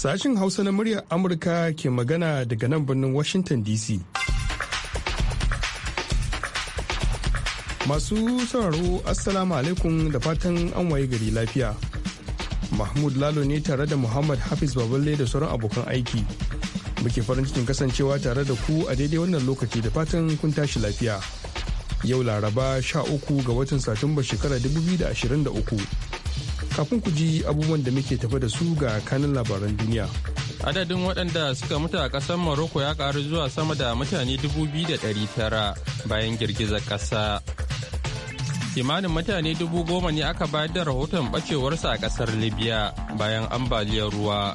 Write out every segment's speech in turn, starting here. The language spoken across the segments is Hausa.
Sashin Hausa na muryar Amurka ke magana daga nan birnin Washington DC. Masu sauraro Assalamu alaikum da fatan an waye gari lafiya. Mahmud Lalo ne tare da Muhammad Hafiz Baballe da sauran abokan aiki. Muke farin cikin kasancewa tare da ku a daidai wannan lokaci da fatan kun tashi lafiya. Yau Laraba 13 ga watan Satumba shekarar 2023. kafin ku ji abubuwan da muke tafa da su ga kanin labaran duniya. Adadin waɗanda suka mutu a ƙasar Morocco ya ƙaru zuwa sama da mutane dubu biyu da tara bayan girgizar ƙasa. Kimanin mutane dubu goma ne aka bayar da rahoton ɓacewarsa a ƙasar Libya bayan ambaliyar ruwa.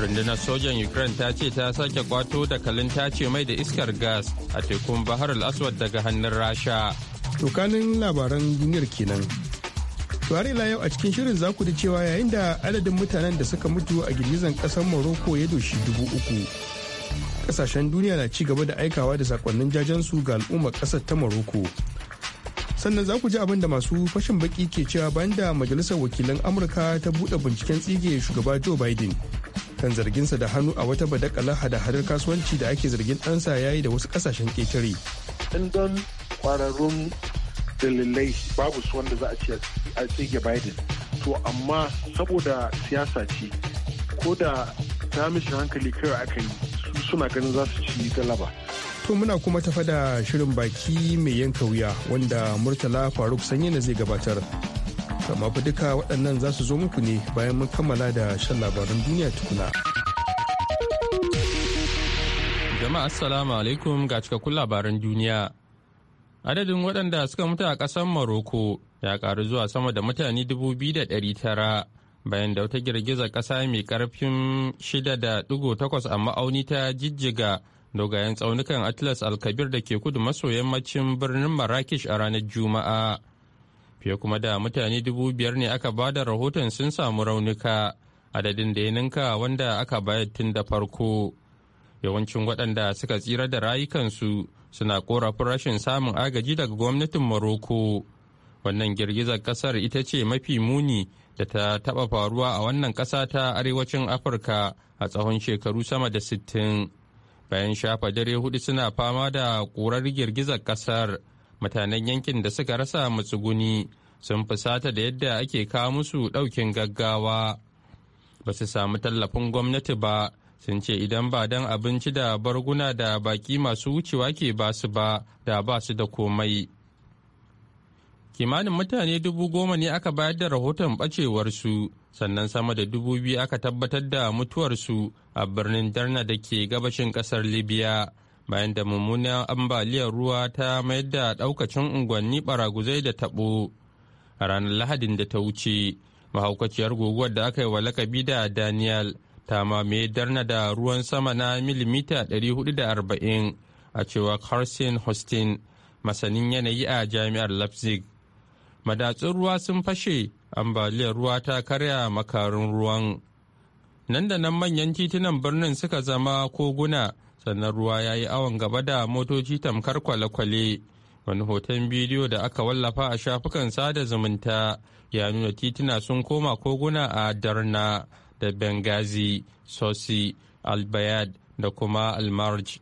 rundunar sojan ukraine ta ce ta sake kwato da kalin tace mai da iskar gas a tekun bahar al-aswad daga hannun rasha Tukanin labaran duniyar kenan Tuwari la yau a cikin shirin za ku da cewa yayin da adadin mutanen da suka mutu a girgizan ƙasar Morocco ya doshi dubu uku. Ƙasashen duniya na ci gaba da aikawa da sakonnin jajensu ga al'ummar ƙasar ta Morocco. sannan za ku ji abin da masu fashin baki ke cewa bayan da majalisar wakilan amurka ta buɗe binciken tsige shugaba joe biden kan zarginsa da hannu a wata badakala hada-hadar kasuwanci da ake zargin ɗansa ya yi da wasu ƙasashen ƙetare. kwararrun dalilai babu su wanda za a ce a tsige Biden. To amma saboda siyasa ce ko da ta mishi hankali kawai aka yi su suna ganin za su ci galaba. To muna kuma ta da shirin baki mai yanka wuya wanda Murtala Faruk sanyi na zai gabatar. Kama fi duka waɗannan za su zo muku ne bayan mun kammala da shan labaran duniya tukuna. Jama'a Assalamu alaikum ga cikakkun labaran duniya. Adadin waɗanda suka mutu a ƙasar Maroko ya ƙaru zuwa sama da mutane dubu da ɗari tara bayan da wata girgiza ƙasa mai ƙarfin shida da ɗigo takwas a ma'auni ta jijjiga dogayen tsaunukan Atlas Alkabir da ke kudu maso yammacin birnin Marrakesh a ranar Juma'a. Fiye kuma da mutane dubu biyar ne aka ba da rahoton sun samu raunuka adadin da ya ninka wanda aka bayar tun da farko. Yawancin waɗanda suka tsira da rayukansu suna korafin rashin samun agaji daga gwamnatin Morocco. Wannan girgizar kasar ita ce mafi muni da ta taba faruwa a wannan kasa ta arewacin Afirka a tsawon shekaru sama da sittin. Bayan shafa dare hudu suna fama da ƙurar girgizar kasar mutanen yankin da suka rasa matsuguni sun fusata da yadda ake kawo musu ɗaukin gaggawa. Ba su samu tallafin gwamnati ba sun ce idan ba don abinci da barguna da baki masu wucewa ke ba su ba da ba su da komai kimanin mutane dubu goma ne aka bayar da rahoton bacewarsu sannan sama da dubu biyu aka tabbatar da mutuwarsu a birnin darna da ke gabashin kasar libya bayan da mummunan ambaliyar ruwa ta mayar da daukacin unguwanni baraguzai da tabo a ranar lahadin da ta wuce mahaukaciyar guguwar da aka yi wa lakabi da daniel ta mai darna da ruwan sama na milimita 440 a cewa carson hostin masanin yanayi a jami'ar leipzig madatsun ruwa sun fashe ambaliyar ruwa ta karya makarin ruwan nan da nan manyan titunan birnin suka zama koguna sannan ruwa ya yi awon gaba da motoci tamkar kwale-kwale wani hoton bidiyo da aka wallafa a shafukan sada zumunta ya nuna tituna sun koma koguna a darna da Benghazi, Sosi, Albayad da kuma Almarj.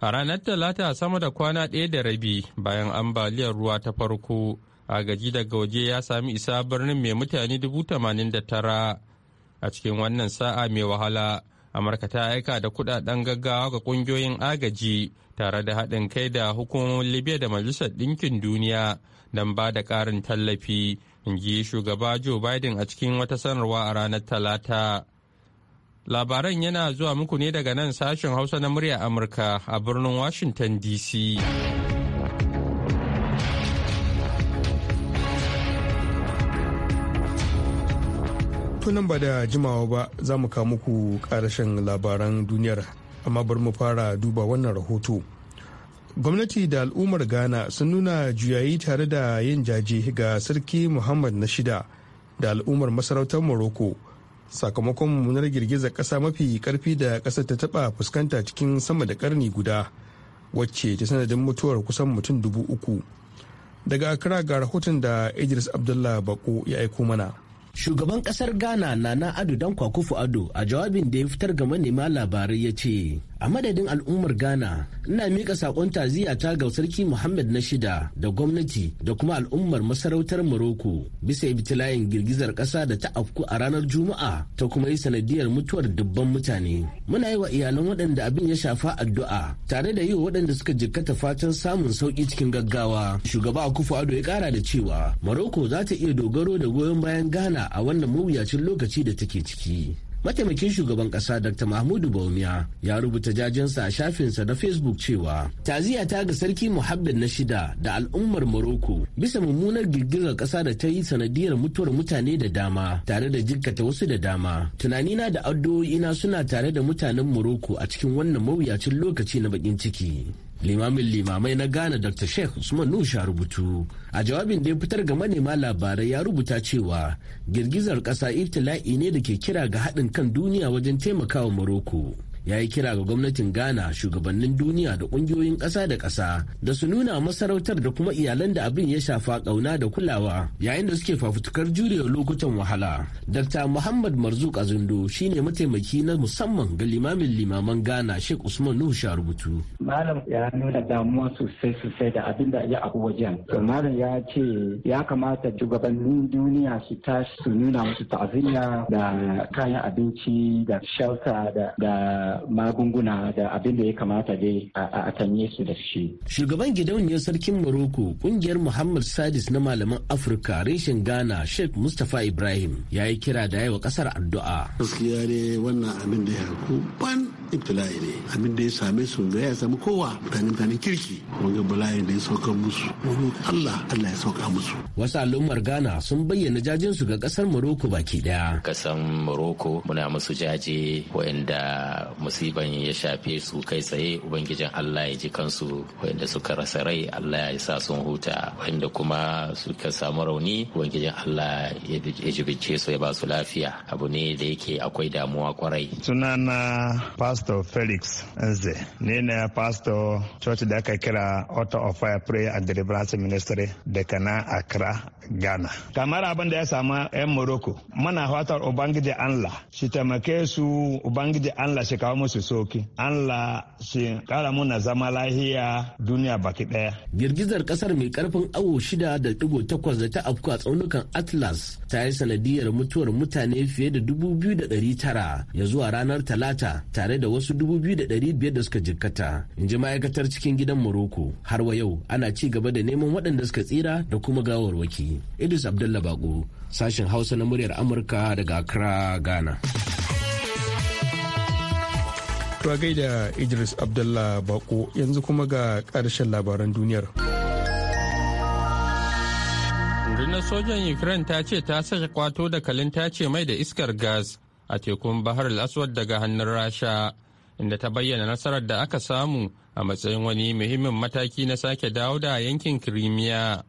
A ranar Talata sama da kwana ɗaya da rabi bayan ambaliyar ruwa ta farko, agaji daga waje ya sami isa birnin mai mutane tara a cikin wannan sa'a mai wahala. Amurka ta aika da kudaden gaggawa ga kungiyoyin agaji tare da haɗin kai da hukumomin Libya da Majalisar Ɗinkin Duniya don ba da ƙarin tallafi in ji shugaba joe biden a cikin wata sanarwa a ranar talata labaran yana zuwa muku ne daga nan sashen hausa na murya amurka a birnin washington dc tunan ba da jimawa ba za mu kawo muku karashin labaran duniyar amma bari mu fara duba wannan rahoto gwamnati da al'ummar ghana sun nuna juyayi tare da yin jaje ga sarki muhammad na shida da al'ummar masarautar morocco sakamakon munar girgiza ƙasa mafi karfi da ƙasar ta taɓa fuskanta cikin sama da ƙarni guda wacce ta sanadin mutuwar kusan mutum dubu uku daga akira ga rahoton da idris abdullah bako ya aiko mana Shugaban kasar Ghana na na adu dan Kufu Ado a jawabin da ya fitar ga manema labarai ya ce, a madadin al'ummar ghana ina mika saƙon taziya ta ga sarki muhammad na shida da gwamnati da kuma al'ummar masarautar morocco bisa ibtilayin girgizar ƙasa da ta afku a ranar juma'a ta kuma yi sanadiyar mutuwar dubban mutane muna yi wa iyalan waɗanda abin ya shafa addu'a tare da yi wa waɗanda suka jikkata fatan samun sauki cikin gaggawa shugaba akufu ado ya kara da cewa morocco za ta iya dogaro da goyon bayan ghana a wannan mawuyacin lokaci da take ciki mataimakin shugaban kasa dr mahmudu baumiya ya rubuta jajensa a shafinsa na facebook cewa taziya ta ga sarki muhammad na shida da al'ummar morocco bisa mummunar girgizar kasa da ta yi sanadiyar mutuwar mutane da dama tare da jikkata wasu da dama tunanina da addu'o'ina suna tare da mutanen morocco a cikin wannan mawuyacin lokaci na bakin ciki limamin limamai na ghana dr sheikh usman nusha rubutu a jawabin da ya fitar ga manema labarai ya rubuta cewa girgizar ƙasa ibtila'i ne da ke kira ga haɗin kan duniya wajen taimakawa maroko. ya yi kira ga gwamnatin ghana shugabannin duniya da kungiyoyin ƙasa da ƙasa da su nuna masarautar da kuma iyalan da abin ya shafa ƙauna da kulawa yayin da suke fafutukar jurewa lokutan wahala dr muhammad marzuk azundo shine mataimaki na musamman ga limamin limaman ghana sheikh usman nuhu rubutu. malam ya nuna damuwa sosai sosai da abin da ya abu wajen malam ya ce ya kamata shugabannin duniya su tashi su nuna musu ta'aziyya da kayan abinci da shelter da magunguna da abin da ya kamata dai a tanye su da shi. Shugaban gidauniyar sarkin Morocco kungiyar Muhammad Sadis na malaman Afirka reshen Ghana Sheikh Mustapha Ibrahim ya yi kira da yawa kasar addu'a. Gaskiya ne wannan abin da ya haku ban ibtila'i ne abin da ya same su ga ya sami kowa mutane mutane kirki wanga bala'i da ya sauka musu Allah Allah ya sauka musu. Wasu al'ummar Ghana sun bayyana jajinsu ga kasar Morocco baki daya. Kasan Morocco muna musu jaje wa'inda musiban ya shafe su kai tsaye ubangijin allah ya ji kansu wanda suka rasa rai allah ya sa sun huta wanda kuma suka samu rauni ubangijin allah ya jibince su ya ba su lafiya abu ne da yake akwai damuwa kwarai sunana pastor felix nze ne na pastor church da aka kira author of fire prayer and deliverance ministry daga na accra ghana kamar abin da ya samu 'yan morocco muna fatar ubangiji allah shi taimake su ubangiji allah shi kawo musu soki allah shi kara muna zama lahiya duniya baki daya girgizar kasar mai karfin awo shida da takwas da ta afku a tsaunukan atlas ta yi sanadiyar mutuwar mutane fiye da dubu biyu da dari tara ya zuwa ranar talata tare da wasu dubu biyu da dari biyar da suka jikkata in ji ma'aikatar cikin gidan morocco har wa yau ana ci gaba da neman waɗanda suka tsira da kuma gawarwaki Idris Abdulla Bago, sashen Hausa na muryar Amurka daga Accra, Ghana. To gaida Idris Abdullah Bako yanzu kuma ga ƙarshen labaran duniyar. Rundunar sojan Ukraine ta ce ta sake kwato da kalin ta ce mai da iskar gas a tekun Bahar al daga hannun Rasha, inda ta bayyana nasarar da aka samu a matsayin wani muhimmin mataki na sake dawo da yankin Crimea.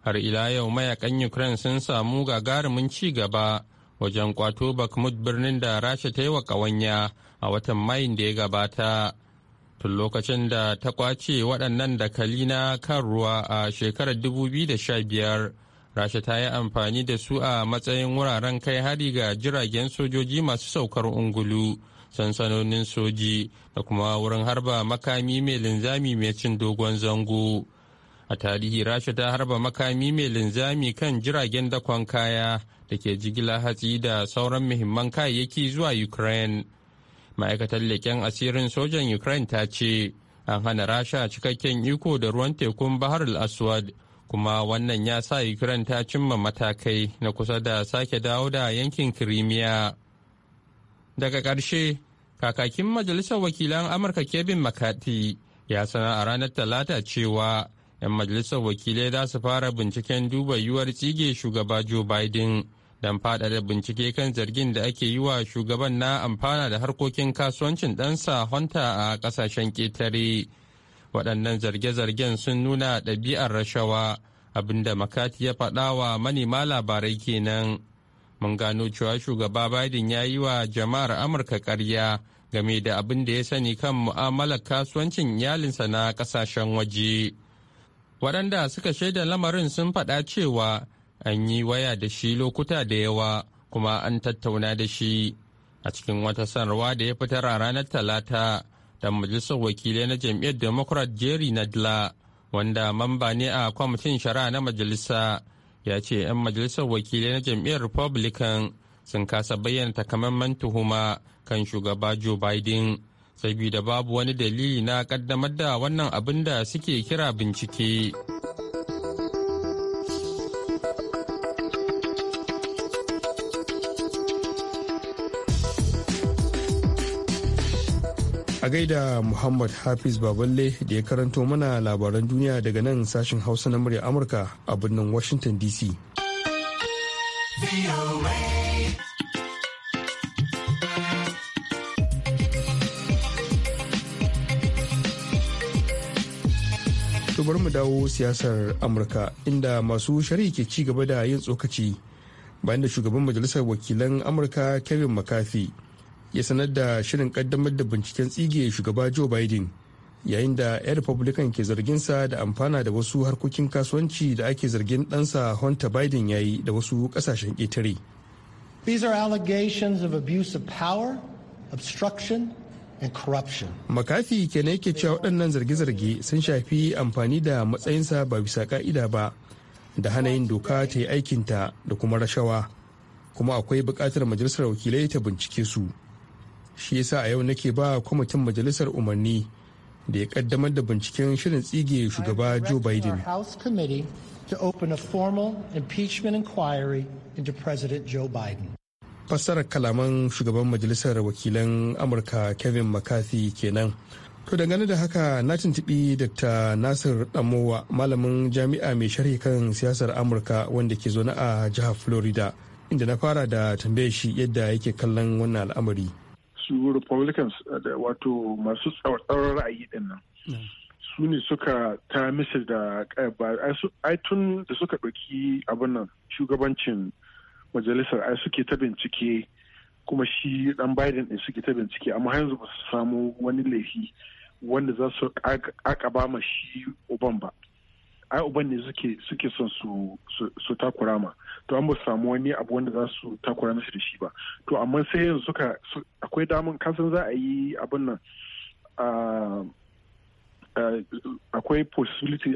har ila yau mayakan ukraine sun samu gagarumin ci gaba wajen kwato bakmut birnin da rasha ta yi wa ƙawanya a watan mayin da ya gabata tun lokacin da ta kwace waɗannan dakali na kan ruwa a shekarar 2015 rasha ta yi amfani da su a matsayin wuraren kai hari ga jiragen sojoji masu saukar ungulu sansanonin soji da kuma wurin harba makami mai linzami mai cin dogon zango. a tarihi rasha ta harba makami mai linzami kan jiragen dakon kaya da ke jigila hatsi da sauran muhimman kayayyaki zuwa ukraine ma'aikatar leƙen asirin sojan ukraine ta ce an hana rasha cikakken iko da ruwan tekun bahar al-aswad kuma wannan ya sa ukraine ta cimma matakai na kusa da sake dawo da yankin kirimiya daga ƙarshe kakakin majalisar wakilan amurka kevin makati ya sana a ranar talata cewa 'yan majalisar wakilai za su fara binciken duba yiwuwar tsige shugaba joe biden don fadada bincike kan zargin da ake yi wa shugaban na amfana da harkokin kasuwancin ɗansa honta a ƙasashen ƙetare waɗannan zarge-zargen sun nuna ɗabi'ar rashawa abinda makati ya faɗa wa manema labarai kenan mun gano cewa shugaba biden ya yi wa jama'ar amurka karya game da abin da ya sani kan mu'amalar kasuwancin iyalinsa na ƙasashen waje. waɗanda suka shaida lamarin sun faɗa cewa an yi waya da shi lokuta da yawa kuma an tattauna da shi a cikin wata sanarwa da ya fitar a ranar talata da majalisar wakilai na jam'iyyar democrat jerry nadla wanda mamba ne a kwamitin shari'a na majalisa ya ce 'yan majalisar wakilai na jam'iyyar republican sun kasa bayyana takamaiman tuhuma kan shugaba joe biden sabida babu wani dalili na kaddamar da wannan abin da suke kira bincike. A gaida Muhammad Hafiz Baballe da ya karanto mana labaran duniya daga nan sashen Hausa na murya Amurka a birnin Washington DC. to bari mu dawo siyasar amurka inda masu shari'a ke ci gaba da yin tsokaci bayan da shugaban majalisar wakilan amurka kevin mccarthy ya sanar da shirin kaddamar da binciken tsige shugaba joe biden yayin da 'yan republican ke zarginsa da amfana da wasu harkokin kasuwanci da ake zargin ɗansa hunter biden ya yi da wasu kasashen ƙetare These are allegations of abuse of power, obstruction, makafi ke Makafi kenan yake cewa waɗannan zarge-zarge sun shafi amfani da matsayinsa ba bisa ka'ida ba da hanayin doka ta yi aikinta da kuma rashawa kuma akwai buƙatar majalisar wakilai ta bincike su. Shi yasa a yau nake ba kwamitin majalisar umarni da ya kaddamar da binciken shirin tsige shugaba Joe Biden. To open a formal impeachment inquiry into President Joe Biden. fassarar kalaman shugaban majalisar wakilan amurka kevin mccarthy kenan to dangane da haka na tuntubi dr nasir damowa malamin jami'a mai sharhi kan siyasar amurka wanda ke zaune a jihar florida inda na fara da tambaye shi yadda yake kallon wannan al'amari su republicans uh, wato masu ra'ayi din nan mm. su ne suka ta misa da eh, ai tun da suka ɗauki abin nan shugabancin majalisar ai suke ta bincike kuma shi dan biden ɗin suke ta bincike amma yanzu ba su samu wani laifi wanda za su akaba ma shi uban ba ai uban ne suke suke son su su takura ma to an ba su samu wani abu wanda za su takura mishi da shi ba to amma sai yanzu suka akwai damun kasan za a yi abin nan akwai possibility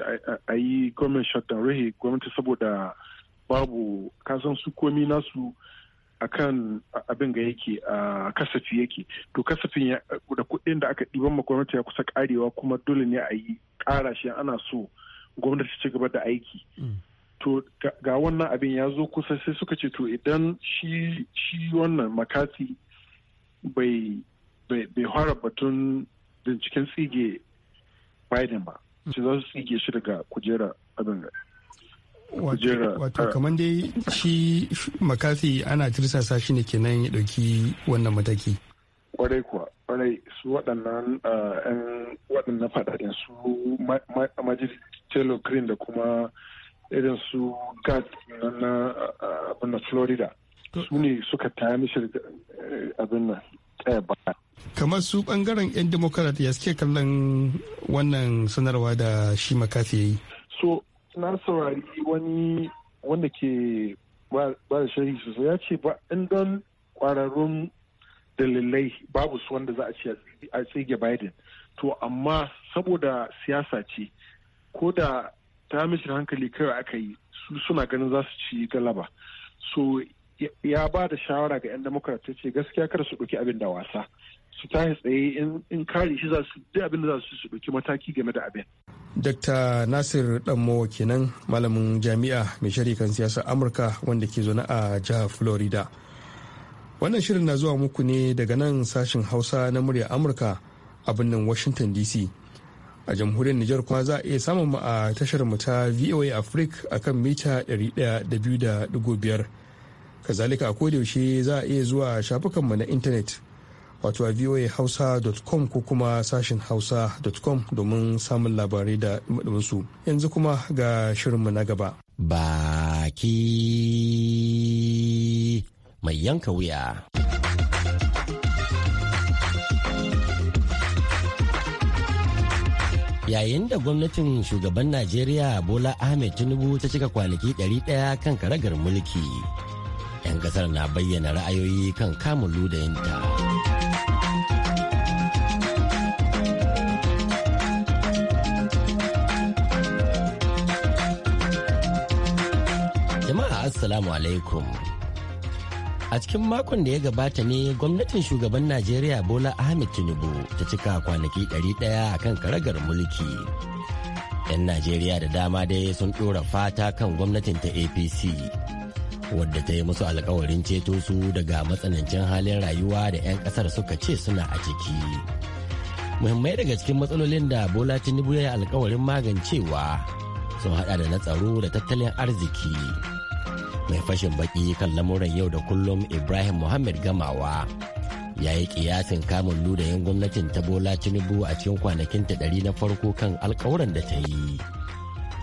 a yi government shutdown rahe gwamnati saboda babu kasan su komi nasu a kan abin ga yake a kasafi yake to kasafin da kudin da aka ɗiban gwamnati ya kusa karewa kuma dole ne a yi ƙara shi ana so gwamnati ci gaba da aiki mm. to ga wannan abin ya zo kusa sai suka ce to idan shi wannan makati bai bai fara batun binciken tsige biden ba ce mm. za su tsige shi daga kujera abin wato kamar dai shi makasi ana tirsasa shi ne kenan ya dauki wannan mataki kwarai kuwa kwarai su waɗannan yan ah, waɗannan faɗaɗin su majistelo green da kuma irin su gat na ah, abinna florida su ne suka taya mishi eh, abin nan kamar su bangaren 'yan democrat ya suke kallon wannan sanarwa da shi makafi ya yi so na saurari wani wanda ke ba da sharhi sosai ya ce ba in don kwararrun dalilai babu su wanda za a a tsige Biden. To amma saboda siyasa ce ko da ta mishi hankali kawai aka yi su suna ganin za su ci galaba. So ya ba da shawara ga 'yan ta ce gaskiya kada su ɗauki abin da wasa. su tashi tsaye in kare shi za su abin da za su su ɗauki mataki game da abin. Dr. Nasir Danmowa kenan malamin jami'a mai sharikan siyasa Amurka wanda ke zaune a jihar Florida. Wannan shirin na zuwa muku ne daga nan sashin Hausa na muryar Amurka a birnin Washington DC. A jamhuriyar Nijar kuma za a iya samun mu a tashar mu ta VOA Africa a kan mita 100.5. Kazalika a kodayaushe za a iya zuwa shafukanmu na intanet. wato a hausa.com ko kuma sashin hausa.com domin samun labarai da su yanzu kuma ga shirinmu na gaba baki mai yanka wuya yayin da gwamnatin shugaban najeriya bola ahmed tinubu ta cika kwanaki 100 kan karagar mulki 'yan kasar na bayyana ra'ayoyi kan kamun ludayinta. assalamu alaikum. A cikin makon da ya gabata ne gwamnatin shugaban Najeriya Bola Ahmed Tinubu ta cika kwanaki 100 a kan karagar mulki. 'Yan Najeriya da dama dai sun ɗora fata kan gwamnatin ta APC wadda ta yi musu alkawarin ceto su daga matsanancin halin rayuwa da 'yan ƙasar suka ce suna a ciki. Muhimmai daga cikin matsalolin da Bola Tinubu ya yi alkawarin magancewa sun haɗa da na tsaro da tattalin arziki. mai fashin baki kan lamuran yau da kullum ibrahim muhammad gamawa ya yi kiyasin kamun ludayin gwamnatin ta bola tinubu a cikin kwanakinta ɗari na farko kan alkawuran da ta yi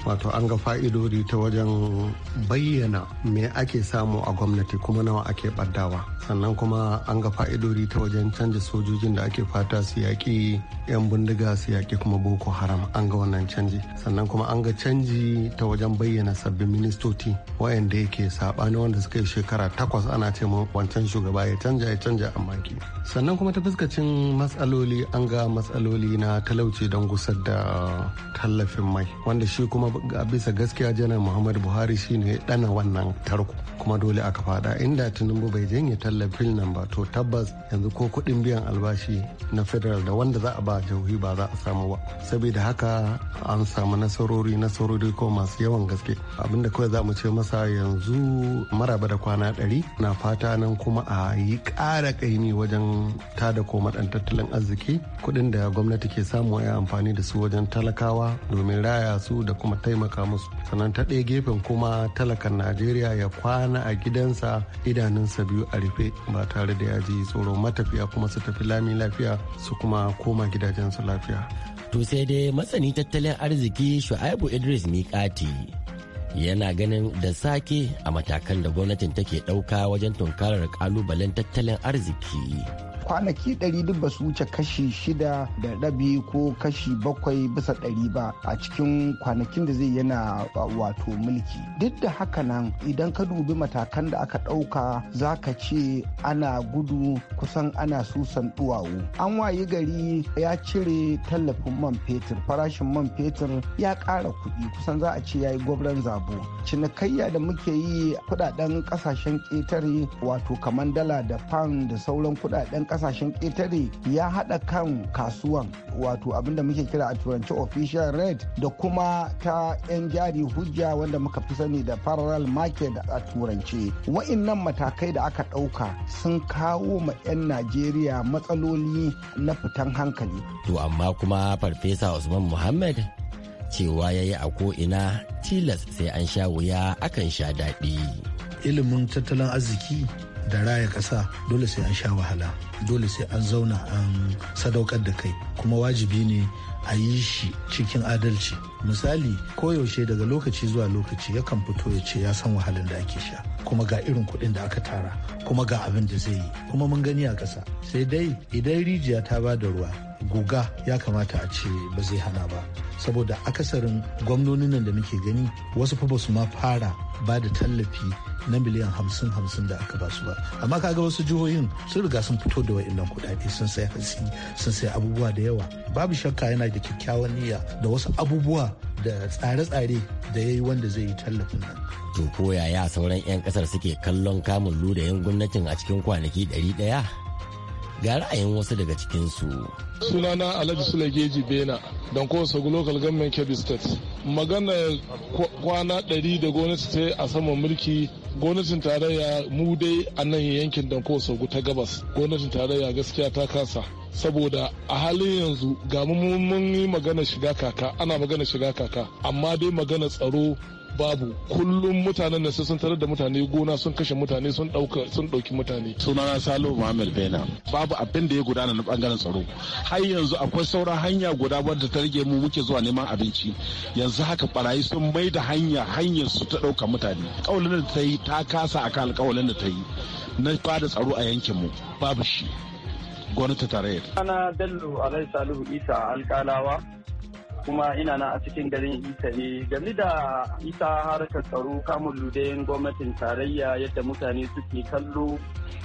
wato an ga fa'idodi ta wajen bayyana me ake samu a gwamnati kuma nawa ake baddawa sannan kuma an ga fa'idodi ta wajen canja sojojin da ake fata su yaƙi 'yan bindiga su yaƙi kuma boko haram an ga wannan canji sannan kuma an ga canji ta wajen bayyana sabbin ministoci wayanda yake saɓani wanda suka yi shekara takwas ana ce wancan shugaba ya canja ya canja amma ki sannan kuma ta fuskacin matsaloli an ga matsaloli na talauci don gusar da tallafin mai wanda shi kuma a bisa gaskiya janar muhammad buhari shine dana wannan tarko kuma dole aka fada inda tinubu bai janye tallafin nan ba to tabbas yanzu ko kuɗin biyan albashi na federal da wanda za a ba jihohi ba za a samu ba saboda haka an samu nasarori nasarori ko masu yawan gaske abinda kawai za mu ce masa yanzu maraba da kwana ɗari na fata nan kuma a yi ƙara ƙaimi wajen tada ko maɗan tattalin arziki kuɗin da gwamnati ke samu ya amfani da su wajen talakawa domin raya su da kuma taimaka musu sannan ta ɗaya gefen kuma talakan najeriya ya kwana a gidansa idanunsa biyu a rufe ba tare da ya ji tsoron matafiya kuma su tafi lami lafiya su kuma koma gidajensu lafiya to sai dai matsani tattalin arziki shu'aibu idris miƙati yana ganin da sake a matakan da gwamnatin take ɗauka wajen tunkarar ƙalubalen tattalin arziki kwanaki ɗari duk ba su wuce kashi shida da rabi ko kashi bakwai bisa ɗari ba a cikin kwanakin da zai yana wato mulki duk da haka nan idan ka dubi matakan da aka ɗauka za ka ce ana gudu kusan ana susan duwawu an wayi gari ya cire tallafin man fetur farashin man fetur ya ƙara kuɗi kusan za a ce ya yi gwamnan zabo cinikayya da muke yi kuɗaɗen ƙasashen ƙetare wato kamar dala da pound da sauran kuɗaɗen ƙasa kasashen ƙetare ya haɗa kan kasuwan wato abinda muke kira a turanci official red da kuma ta 'yan jari hujja wanda muka fi sani da parallel market a turance wa'innan matakai da aka ɗauka sun kawo ma 'yan najeriya matsaloli na fitan hankali to amma kuma farfesa usman muhammad cewa ya yi a ko'ina tilas sai an sha wuya akan sha daɗi ilimin tattalin arziki da raya ƙasa dole sai an sha wahala dole sai an zauna an sadaukar da kai kuma wajibi ne a yi shi cikin adalci misali koyaushe daga lokaci zuwa lokaci yakan fito ya ce ya san wahalar da ake sha kuma ga irin kuɗin da aka tara kuma ga abin da zai yi kuma mun gani a ƙasa sai dai idan rijiya ta ba da ruwa guga ya kamata a ce ba zai hana ba saboda akasarin gwamnonin nan da muke gani wasu fa basu ma fara ba da tallafi na miliyan hamsin hamsin da aka basu ba amma kaga wasu jihohin sun riga sun fito da illan kuɗaɗe sun sai hatsi sun sai abubuwa da yawa babu shakka yana da kyakkyawan niyya da wasu abubuwa da tsare-tsare da ya yi wanda zai yi tallafin nan. To koya ya sauran 'yan kasar suke kallon kamun 'yan gwamnatin a cikin kwanaki 100 ga ra'ayin wasu daga cikinsu. sunana alhaji sulageji bena don kowace local government kebbi state magana kwana 100 da gwamnati ta a saman mulki gwamnatin tarayya mu dai a nan yankin don kowace ta gabas gwamnatin tarayya gaskiya ta kasa saboda a halin yanzu ga mun yi magana shiga kaka ana magana shiga kaka amma dai magana tsaro babu kullum mutanen da sun tarar da mutane gona sun kashe mutane sun dauka sun dauki mutane sunana salo muhammad bena babu abin da ya gudana na bangaren tsaro har yanzu akwai sauran hanya guda wadda ta rage mu muke zuwa neman abinci yanzu haka barayi sun mai da hanya hanyar su ta dauka mutane kaulin da ta yi ta kasa akan alkawalin da ta yi na fada tsaro a yankin mu babu shi gwamnati tarayyar. Ana Bello Alai Salihu Isa Alkalawa kuma ina na a cikin garin Isa ne game da Isa harkar tsaro kamun ludayin gwamnatin tarayya yadda mutane suke kallo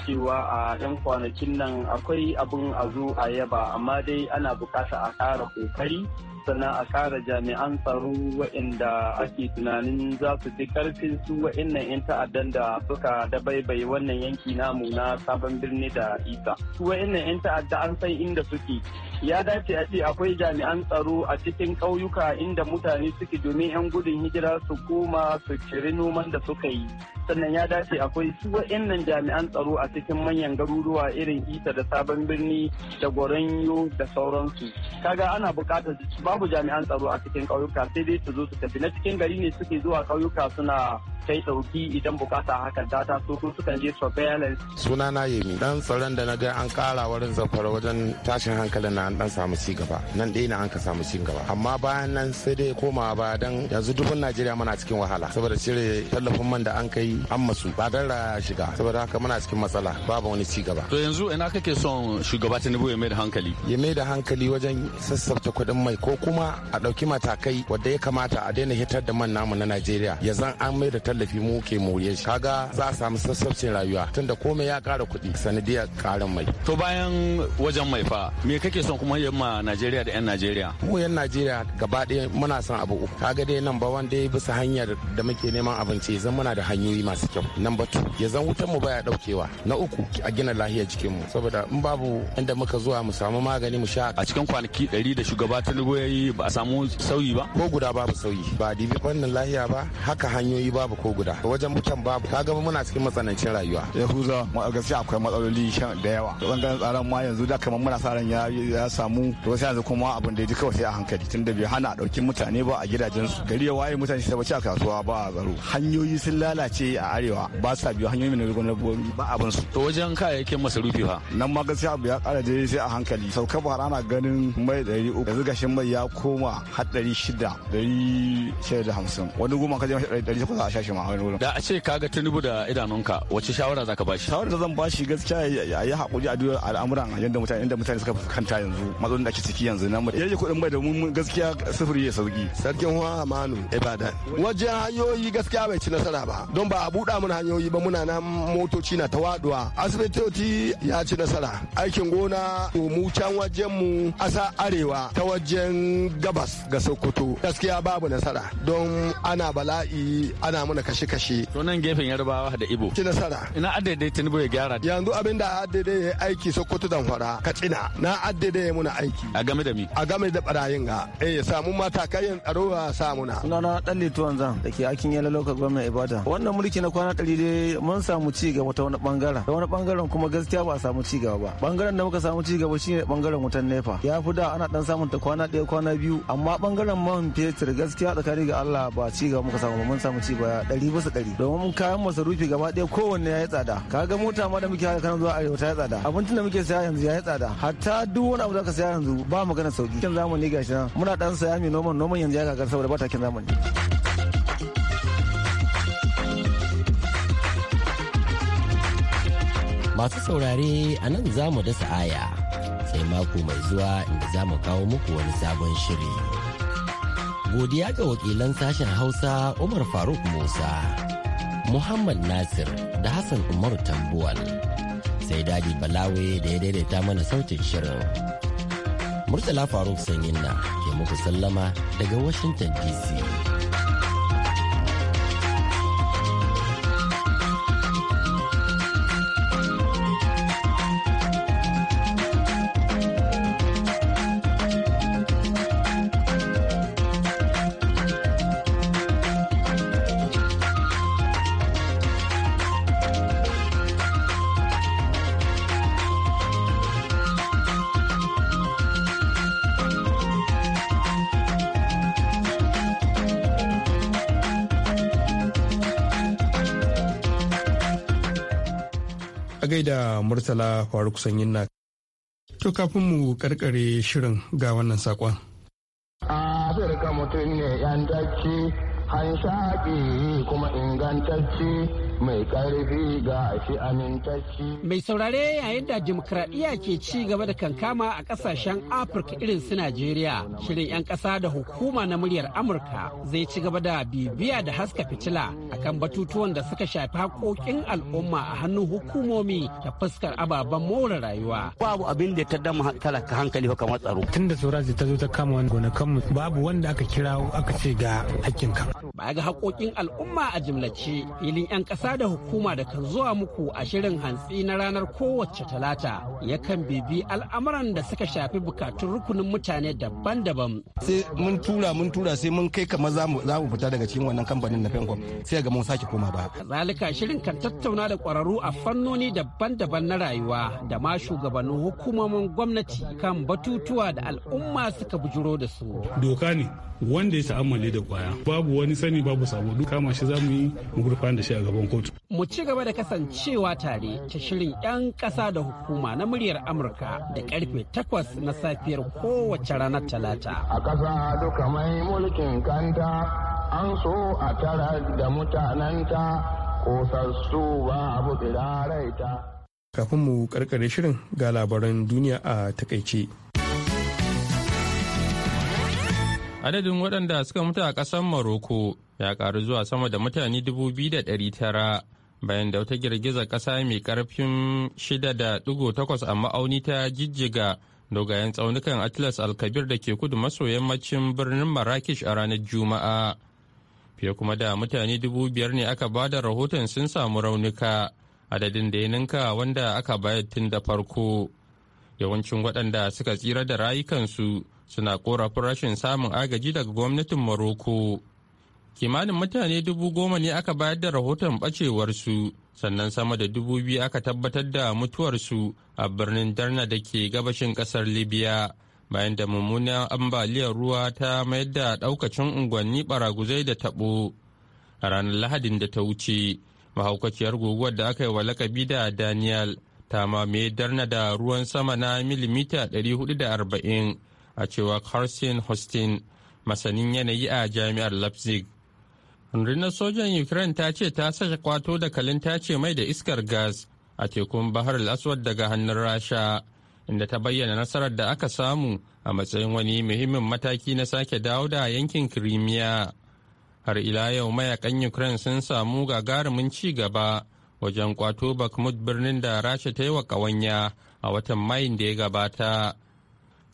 cewa a 'yan kwanakin nan akwai abin a zo a yaba amma dai ana bukata a ƙara kokari sannan a ƙara jami'an tsaro waɗanda ake tunanin za su fi ƙarfin su waɗannan 'yan ta'addan da suka dabaibai wannan yanki namu na sabon birni da isa su waɗannan 'yan ta'adda an san inda suke ya dace a ce akwai jami'an tsaro a cikin ƙauyuka inda mutane suke domin 'yan gudun hijira su koma su ciri noman da suka yi sannan ya dace akwai su waɗannan jami'an tsaro a cikin manyan garuruwa irin isa da sabon birni da goranyo da sauransu kaga ana bukatar babu jami'an tsaro a cikin ƙauyuka sai dai su zo su tafi na cikin gari ne suke zuwa ƙauyuka suna kai ɗauki idan bukata hakan ta so ko sukan je surveillance. suna na yemi dan tsaron da na ga an ƙara wurin zafara wajen tashin hankalin na an dan samu ci gaba nan dai na an ka samu ci gaba amma bayan nan sai dai komawa ba dan yanzu dubun najeriya muna cikin wahala saboda cire tallafin man da an kai an masu ba da shiga saboda haka muna cikin matsala babu wani ci gaba to yanzu ina kake son shugaba tinubu ya mai da hankali ya mai da hankali wajen sassabta kuɗin mai ko kuma a ɗauki matakai wadda ya kamata a daina hitar da man namu na najeriya ya zan an mai da tallafi mu ke more shi kaga za a samu sassabcin rayuwa tunda komai ya ƙara kuɗi sanadiyar ƙarin mai to bayan wajen mai fa me kake son kuma yin ma najeriya da 'yan najeriya mu 'yan najeriya gaba ɗaya muna son abu uku kaga dai nan ba wanda ya bisa hanyar da muke neman abinci zan muna da hanyoyi masu kyau nan batu ya zan wutar mu baya ɗaukewa na uku a gina lahiyar jikinmu saboda in babu inda muka zuwa mu samu magani mu sha a cikin kwanaki ɗari da shugaba tinubu ya yi ba a samu sauyi ba ko guda babu sauyi ba dibi fannin lahiya ba haka hanyoyi babu ko guda wajen mutan babu ka gaba muna cikin matsanancin rayuwa yahuza mu a gaskiya akwai matsaloli shan da yawa bangaren tsaron ma yanzu da kamar muna sa ran ya samu to sai yanzu kuma abin da ya ji kawai sai a hankali tunda bai hana ɗaukin mutane ba a gidajensu gari ya waye mutane sai ba ci a kasuwa ba a tsaro hanyoyi sun lalace a arewa ba sa biyu hanyoyi ne ba a su to wajen kayayyakin masarufi fa nan ma gaskiya abu ya kara dai sai a hankali saukar bahar ana ganin mai ɗari uku yanzu gashin mai ya koma har ɗari shida ɗari shida da hamsin wani goma ka je mashi ɗari takwas a shashi ma wani wurin da a ce ka ga tunubu da idanunka wace shawara za ka ba shi shawara da zan ba shi gaskiya ya haƙuri a duk al'amuran yadda mutane inda mutane suka fuskanta yanzu matsalolin da ake ciki yanzu nan mai yi kuɗin mai da mun gaskiya sufuri ya sauki sarkin huwa amanu ibadan wajen hanyoyi gaskiya bai ci nasara ba don ba a buɗa mun hanyoyi ba muna nan motoci na ta waduwa asibitoci ya ci nasara aikin gona mu can wajen mu asa arewa ta wajen gabas ga sokoto gaskiya babu nasara don ana bala'i ana muna kashe-kashe to nan gefen yarbawa da ibo ci nasara ina adade tinubu ya gyara yanzu abin da adade ya aiki sokoto dan fara katsina na adade ya muna aiki a game da mi a game da barayin ga eh samu matakayin tsaro a samuna sunana dan lituwan zan dake akin akin yalaloka gwamnati ibada wannan mulki na kwana 100 dai mun samu ci gaba ta wani bangaren da wani bangaren kuma gaskiya ba a samu ci gaba ba bangaren da muka samu ci gaba shine bangaren wutan nefa ya fi da ana dan samun ta kwana ɗaya kwana biyu amma bangaren man fetur gaskiya tsakani ga Allah ba ci gaba muka samu mun samu ci baya ɗari bisa ɗari domin kayan masarufi gaba ɗaya kowanne ya yi tsada kaga mota ma da muke haka zuwa arewa ta yi tsada abincin da muke saya yanzu ya yi tsada hatta duk wani abu da ka saya yanzu ba magana sauki kin zamani gashi nan muna dan saya mai noman noman yanzu ya gagar saboda ba takin zamani. Masu saurare a nan za mu dasa aya sai mako mai zuwa inda za mu kawo muku wani sabon shiri. Godiya ga wakilan sashen Hausa Umar Faruk Musa, Muhammad Nasir da Hassan Umar Tambuwal. Sai Dadi Balawe da ya daidaita mana sautin shirin. Murtala Faruk Sanyin na ke muku sallama daga Washington DC. gai da murtala faruk sanyin na to kafin mu karkare shirin ga wannan sakon afirka mutum ne yan hanshaki kuma ingantacci mai ƙarfi ga shi amintacci. Mai saurare yayin da dimokuraɗiyya ke ci gaba da kankama a ƙasashen Afirka irin su Najeriya, shirin 'yan ƙasa da hukuma na muryar Amurka zai ci gaba da bibiya da haska fitila akan batutuwan da suka shafi haƙoƙin al'umma a hannun hukumomi da fuskar ababen more rayuwa. Babu abin da ta dama talaka hankali kan tsaro. Tun da Soraji ta zo ta kama wani gonakanmu babu wanda aka kira aka ce ga hakkinka. Baya ga haƙoƙin al'umma a jimlace filin 'yan ƙasa ƙasa da hukuma da kan zuwa muku a shirin hantsi na ranar kowace talata yakan bibi al'amuran da suka shafi bukatun rukunin mutane daban-daban. Sai mun tura mun tura sai mun kai kamar za mu fita daga cikin wannan kamfanin na Fenkom sai ga mun sake koma ba. Kazalika shirin kan tattauna da ƙwararru a fannoni daban-daban na rayuwa da ma shugabannin hukumomin gwamnati kan batutuwa da al'umma suka bujuro da su. Doka ne wanda ya ta'ammali da kwaya babu wani sani babu sabo duk kama shi za mu yi mu da shi a gaban kotu mu ci gaba da kasancewa tare ta shirin yan ƙasa da hukuma na muryar amurka da ƙarfe 8 na safiyar kowace ranar talata a kasa duka mai mulkin kanta an so a tara da mutananta kosassu ba abu kafin mu karkare shirin ga labaran duniya a takaice adadin waɗanda suka mutu a ƙasar maroko ya ƙaru zuwa sama da mutane 2,900 bayan da wata girgizar ƙasa mai ƙarfin 6.8 a ma'auni ta jijjiga dogayen tsaunukan Atlas Alkabir da ke kudu maso yammacin birnin Marrakesh a ranar Juma'a. Fiye kuma da mutane dubu biyar ne aka ba da rahoton sun samu raunuka adadin da ya ninka wanda aka bayar tun da farko. Yawancin waɗanda suka tsira da rayukansu suna korafin rashin samun agaji daga gwamnatin Morocco. Kimanin mutane dubu goma ne aka bayar da rahoton bacewarsu, sannan sama da dubu biyu aka tabbatar da mutuwarsu a birnin Darna da ke gabashin ƙasar Libya. Bayan da mummunan ambaliyar ruwa ta mayar da ɗaukacin unguwanni baraguzai da taɓo a ranar Lahadin da ta wuce, mahaukaciyar guguwar da aka yi wa lakabi da Daniel ta mamaye Darna da ruwan sama na milimita 440 a cewa Carsten Hostin masanin yanayi a jami'ar Leipzig. Rundunar sojan Ukraine ta ce ta sake kwato da kalin tace mai da iskar gas a tekun Bahar al-Aswad daga hannun Rasha, inda ta bayyana nasarar da aka samu a matsayin wani muhimmin mataki na sake dawo da yankin Crimea. Har ila yau mayakan Ukraine sun samu gagarumin ci gaba wajen kwato Bakhmut birnin da Rasha ta yi wa ƙawanya a watan Mayin da ya gabata.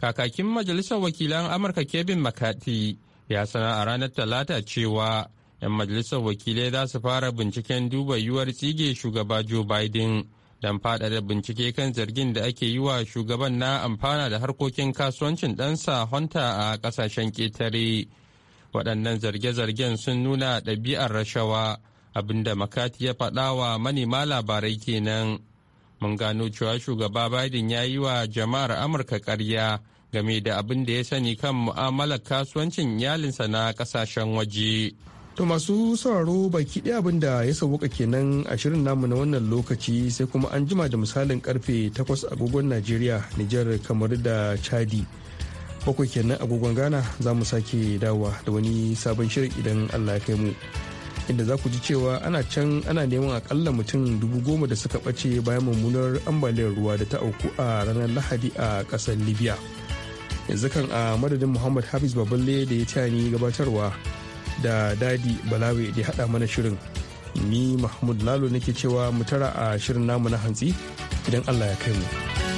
kakakin majalisar wakilan amurka kevin Makati ya sana a ranar talata cewa 'yan majalisar wakilai za su fara binciken duba yiwuwar tsige shugaba joe biden don faɗaɗa bincike kan zargin da ake yi wa shugaban na amfana da harkokin kasuwancin ɗansa honta a ƙasashen ƙetare waɗannan zarge-zargen sun nuna ɗabi'ar rashawa abinda makati ya faɗa wa manema labarai kenan. mun gano cewa shugaba biden ya yi wa jama'ar amurka karya game da abin da ya sani kan mu'amalar kasuwancin iyalinsa na kasashen waje to masu sauraro baki ɗaya abin da ya sauka kenan a shirin namu na wannan lokaci sai kuma an jima da misalin karfe 8 agogon najeriya nijar kamar da chadi bakwai kenan agogon ghana za mu sake dawa da wani sabon shirin idan allah ya kai mu inda za ku ji cewa ana can ana neman akalla mutum dubu goma da suka ɓace bayan mummunar ambaliyar ruwa da ta auku a ranar lahadi a ƙasar libya yanzu kan a madadin muhammad hafiz baballe da ya taya ni gabatarwa da dadi balawe da ya haɗa mana shirin ni mahmud lalo nake cewa mu tara a shirin namu na hantsi idan allah ya kai mu.